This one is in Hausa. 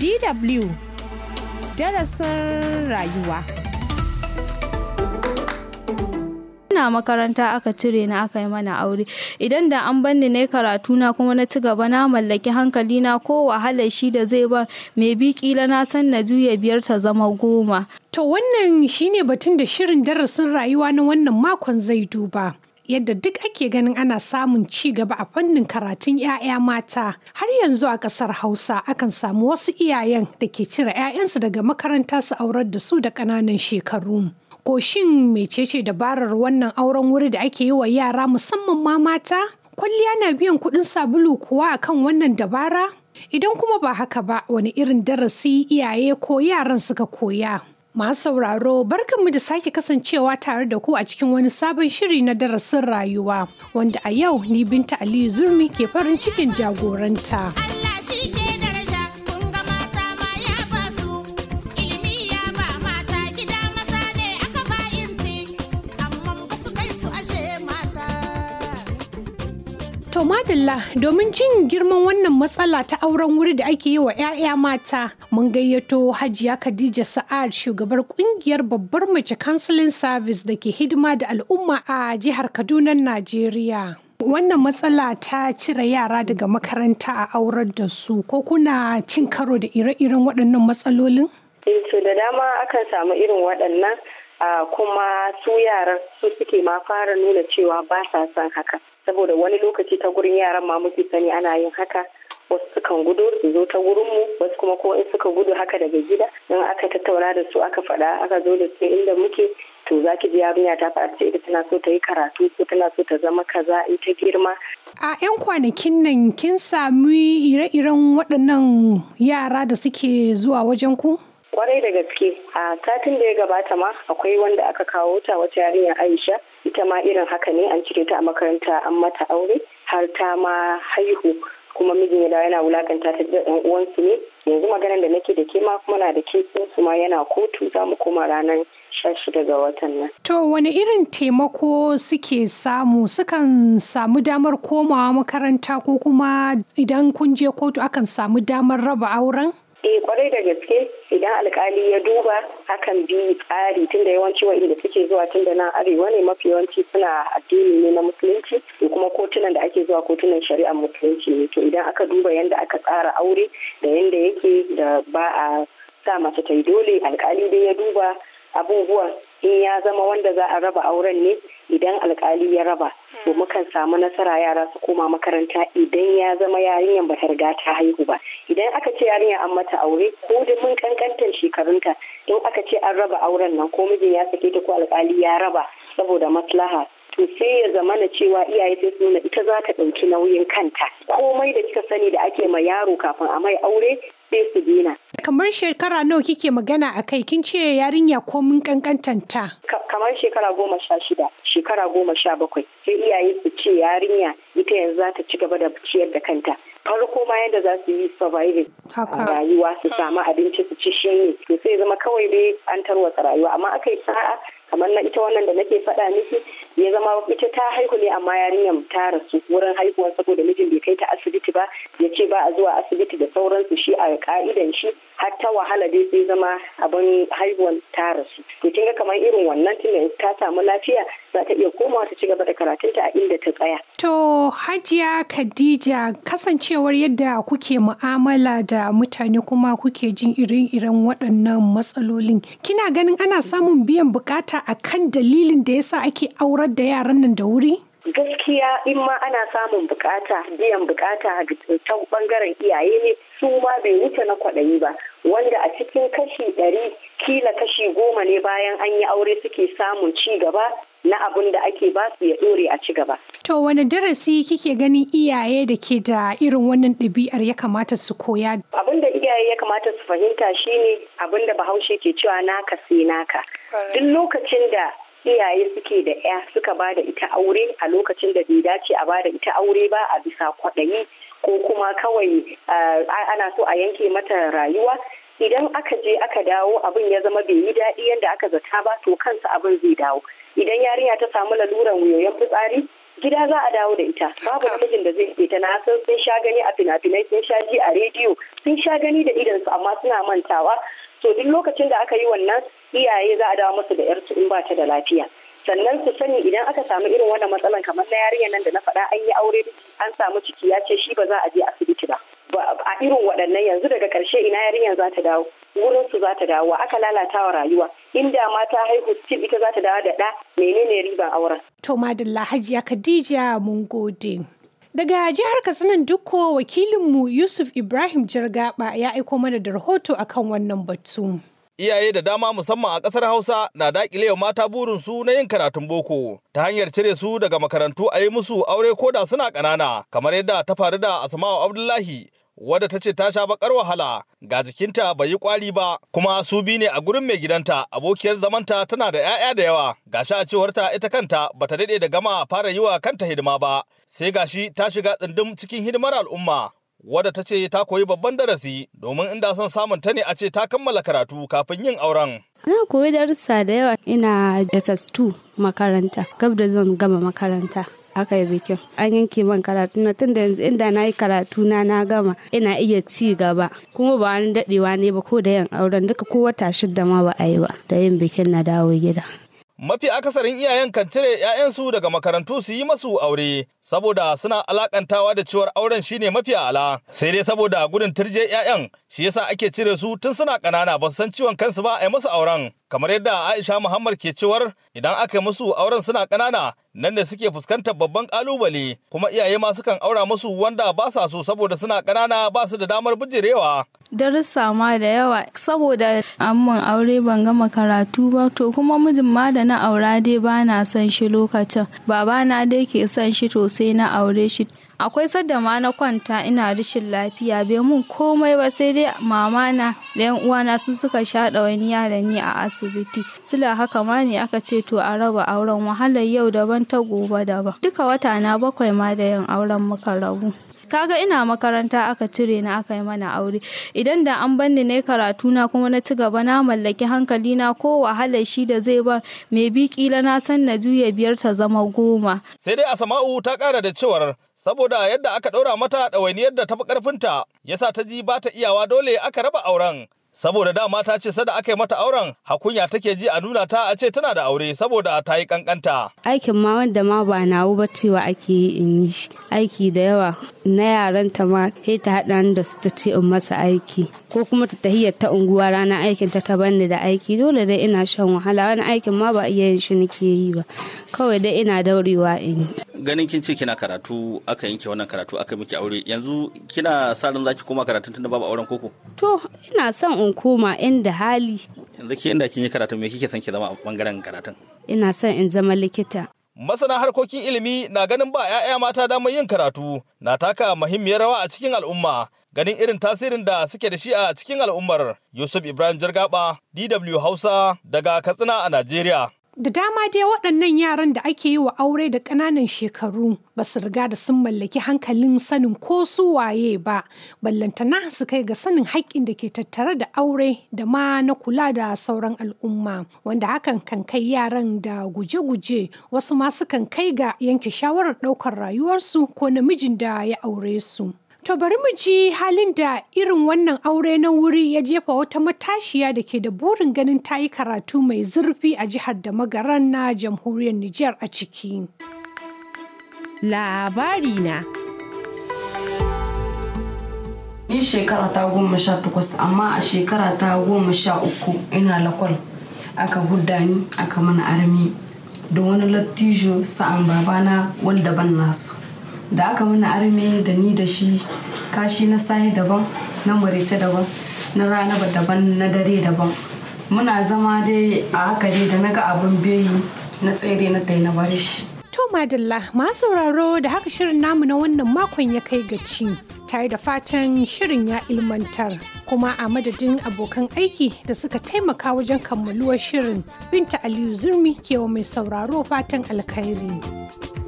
DW darasin rayuwa. Ina makaranta aka cire na aka yi mana aure idan da an banni na karatu na kuma na ci gaba na mallaki hankali na ko wahalar shi da zai ba mai bi kila na san na juya biyar ta zama goma. To wannan shine batun da shirin darasin rayuwa na wannan makon zai duba. yadda duk ake ganin ana samun ci gaba a fannin karatun 'ya'ya mata har yanzu a ƙasar hausa akan samu wasu iyayen da ke cire 'ya'yansu daga makaranta su aurar da su da ƙananan shekaru ko shin mecece dabarar wannan auren wuri da ake yi wa yara musamman ma mata kwalliya na biyan kuɗin sabulu kuwa akan wannan dabara idan kuma ba haka ba wani irin darasi iyaye ko yaran suka koya Masu sauraro barkanmu da sake kasancewa tare da ku a cikin wani sabon shiri na darasin rayuwa wanda a yau ni binta Aliyu Zurmi ke farin cikin jagoranta. To madalla domin jin girman wannan matsala ta auren wuri da ake yi wa 'ya'ya mata mun gayyato hajiya Khadija Sa'ad shugabar kungiyar babbar mace counseling service da ke hidima da al'umma a jihar Kaduna Najeriya. Wannan matsala ta cire yara daga makaranta a aurar da su ko kuna cin karo da ire-iren waɗannan matsalolin? Eh, to da dama akan samu irin waɗannan ah, kuma su yaran su suke ma fara nuna cewa ba sa son haka. saboda wani lokaci ta gurin yaran ma muke sani ana yin haka wasu sukan gudu su zo ta gurinmu wasu kuma ko in suka gudu haka daga gida in aka tattauna da su aka faɗa aka zo da su inda muke to za ki ji yarinya ta faɗa ce ita tana so ta yi karatu ko tana so ta zama kaza in ta girma. A 'yan kwanakin nan kin sami ire-iren waɗannan yara da suke zuwa wajen ku? Kwarai da gaske a satin da ya gabata ma akwai wanda aka kawo ta wata yarinya Aisha ita ma irin haka ne an cire ta a makaranta an mata aure har ta ma haihu kuma mijin ya yana wulakanta ta da uwansu ne yanzu maganar da nake da ke ma kuma na da ke su ma yana kotu za mu koma ranar shida ga watan nan. To wani irin taimako suke samu sukan samu damar komawa makaranta ko kuma idan kun je kotu akan samu damar raba auren? eh kwarai da gaske idan alkali ya duba hakan bi tsari tunda yawanci wa'inda suke zuwa tunda na arewa ne mafi yawanci suna addini ne na musulunci da kuma kotunan da ake zuwa kotunan shari'ar musulunci ne to idan aka duba yanda aka tsara aure da yanda yake da ba a sa mace ta yi dole alkali dai ya duba abubuwan in ya zama wanda za a raba auren ne idan alkali ya raba to hmm. mukan samu nasara yara su koma makaranta idan ya zama yarinyar ta riga ta haihu ba idan aka ce yarinya an mata aure ko da mun kankantar shekarunta in aka ce an raba auren nan ko mijin ya sake ta ko alkali ya raba saboda maslaha to sai ya zama na cewa iyaye sai su nuna ita za ta ɗauki nauyin kanta komai da kika sani da ake ma yaro kafin a mai aure sai su dina. kamar shekara nawa kike magana a kai kin ce yarinya ko mun kankantanta. ka kamar shekara goma sha shida shekara goma sha bakwai sai iyaye su ce yarinya ita yanzu za ta ci gaba da ciyar da kanta farko ma yadda za su yi surviving rayuwa su samu abinci su ci shi ne to sai zama kawai dai an tarwatsa rayuwa amma aka yi sa'a kamar na ita wannan da nake faɗa miki ya zama ita ta haihu ne amma yarinyar ta rasu wurin haihuwa saboda mijin bai kai ta asibiti ba ya ce ba a zuwa asibiti da sauransu shi a ka'idan shi har ta wahala dai sai zama abin haihuwan ta rasu to kin ga kamar irin wannan tunda ta samu lafiya za ta iya komawa ta ci gaba da karatunta a inda ta tsaya To Hajiya Khadija kasancewar yadda kuke mu'amala da mutane kuma kuke jin irin-irin waɗannan matsalolin. Kina ganin ana samun biyan bukata a kan dalilin da yasa ake aurar da yaran nan da wuri? Gaskiya in ma ana samun bukata biyan bukata ta bangaren iyaye ne su ma bai wuce na kwaɗayi ba wanda a cikin kashi ɗari kila kashi goma ne bayan an yi aure suke samun ci gaba na abun da ake ba su ya dore a ci gaba. To wani darasi kike gani iyaye da ke da irin wannan ɗabi'ar ya kamata su koya? Abin da iyaye ya kamata su fahimta shine abun da bahaushe ke cewa naka sai naka. Duk lokacin da iyaye suke da ya suka ba da ita aure a lokacin da bai dace a ba da ita aure ba a bisa kwaɗayi ko kuma kawai eh, ana so a yanke mata rayuwa idan aka je aka dawo abin ya zama bai yi daɗi yadda aka zata ba to kansa abin zai dawo idan yarinya ta samu laluran wuyoyin fitsari gida za a dawo da ita babu namijin da zai ke ta na san sun sha gani a fina-finai sun sha ji a rediyo sun sha gani da idansu amma suna mantawa to duk lokacin da aka yi wannan iyaye za a dawo musu da yarsu in ba ta da lafiya sannan su sani idan aka samu irin wannan matsalan kamar na yarinyar nan da na faɗa an yi aure an samu ciki ya ce shi ba za a je asibiti ba irin waɗannan yanzu daga ƙarshe ina yarinyar za ta dawo wurin su za ta dawo wa aka lalatawa rayuwa inda mata haihu still ita za ta dawo da ɗa menene riban auren. To Madalla Hajiya Khadija mun gode. Daga jihar Katsinan Dukko wakilinmu Yusuf Ibrahim Jirgaba ya aiko mana da rahoto akan wannan batu. iyaye da dama musamman a ƙasar Hausa na daƙile mata burin su na yin karatun boko ta hanyar cire su daga makarantu a yi musu aure ko da suna ƙanana kamar yadda ta faru da Asma'u Abdullahi wadda ta ce ta sha bakar wahala ga jikinta bai yi kwari ba kuma su bi ne a gurin mai gidanta abokiyar zamanta tana da 'ya'ya da yawa ga shi a cewarta ita kanta ba ta daɗe da gama fara yi wa kanta hidima ba sai gashi ta shiga tsindin cikin hidimar al'umma wadda ta ce ta koyi babban darasi domin inda son samun ta ne a ce ta kammala karatu kafin yin auren. Na koyi darussa da yawa ina SS2 makaranta, gab da zan gama makaranta. aka yi bikin an yanke man karatu na tun da yanzu inda na yi karatu na na gama ina iya ci gaba kuma ba wani dadewa ne ba ko da yan auren duka ko wata shida ma ba a yi ba da yin bikin na dawo gida mafi akasarin iyayen kan cire 'ya'yansu daga makarantu su yi masu aure saboda suna alakantawa da cewar auren shine mafi ala sai dai saboda gudun turje 'ya'yan shi yasa ake cire su tun suna kanana ba su san ciwon kansu ba a yi musu auren kamar yadda Aisha Muhammad ke cewar idan aka yi musu auren suna kanana nan da suke fuskantar babban ƙalubale kuma iyaye ma sukan aura musu wanda ba sa so saboda suna kanana ba su da damar bujirewa Darussa ma da yawa saboda amman aure ban gama karatu ba to kuma mijin ma da na aura dai ba na son shi lokacin baba na dai ke son shi to sai na aure shi akwai sadda ma na kwanta ina rashin lafiya bai mun komai ba sai dai mama na da yan uwana sun suka sha wani yara ni a asibiti sila haka ma ne aka ce to a raba auren wahalar yau daban ta gobe daban duka wata na bakwai ma da yin auren muka rabu kaga ina makaranta aka cire ni aka yi mana aure idan da an banni na karatu na kuma na ci gaba na mallaki hankali na ko wahalar shi da zai ba mai bi kila na san na juya biyar ta zama goma sai dai asama'u ta kara da cewar saboda yadda aka ɗaura mata dawainiyar da ta fi yasa ta ji ba ta iyawa dole aka raba auren saboda dama ta ce sada aka yi mata auren hakunya take ji a nuna ta a ce tana da aure saboda ta yi kankanta aikin ma wanda ma ba nawo ba cewa ake yi in yi aiki da yawa na yaran ta ma sai ta haɗa ni da su ta ce in masa aiki ko kuma ta tahiyar ta unguwa ranar aikin ta ta bani da aiki dole dai ina shan wahala wani aikin ma ba iya yin shi nake yi ba kawai dai ina daurewa in ganin kin ce kina karatu aka yanke wannan karatu aka miki aure yanzu kina sa ran zaki koma karatun tunda babu auren koko to ina son in koma inda hali yanzu ke inda kin yi karatu me kike son ki zama a bangaren karatun ina son in zama likita masana harkokin ilimi na ganin ba 'ya'ya mata damar yin karatu na taka muhimmiyar rawa a cikin al'umma ganin irin tasirin da suke da shi a cikin al'ummar yusuf ibrahim jirgaba dw hausa daga katsina a najeriya da dama dai waɗannan yaran da ake yi wa aure da ƙananan shekaru ba su riga da sun mallaki hankalin sanin ko su waye ba ballantana su kai ga sanin haƙƙin da ke tattare da aure da ma na kula da sauran al'umma wanda hakan kan kai yaran da guje-guje wasu ma kan kai ga yanke shawarar ɗaukar rayuwarsu ko namijin da ya aure su. To bari mu ji halin da irin wannan aure na wuri ya jefa wata matashiya da ke da burin ganin ta yi karatu mai zurfi a jihar da magaran na jamhuriyar Nijar a ciki. Labari na Ni shekara ta goma sha takwas amma a shekara ta goma sha uku ina lakwal aka gudda aka mana armi da wani lattijo sa'an babana wanda ban nasu. da aka mana arme da ni da shi kashi na sai daban na murice daban na rana daban na dare daban muna zama dai a haka dai da naga abin beyi na tsere na tai na bari shi to madalla ma sauraro da haka shirin namu na wannan makon ya kai gaci tare da fatan shirin ya ilmantar kuma a madadin abokan aiki da suka taimaka wajen kammaluwar shirin binta aliyu zurmi kewa mai sauraro fatan alkhairi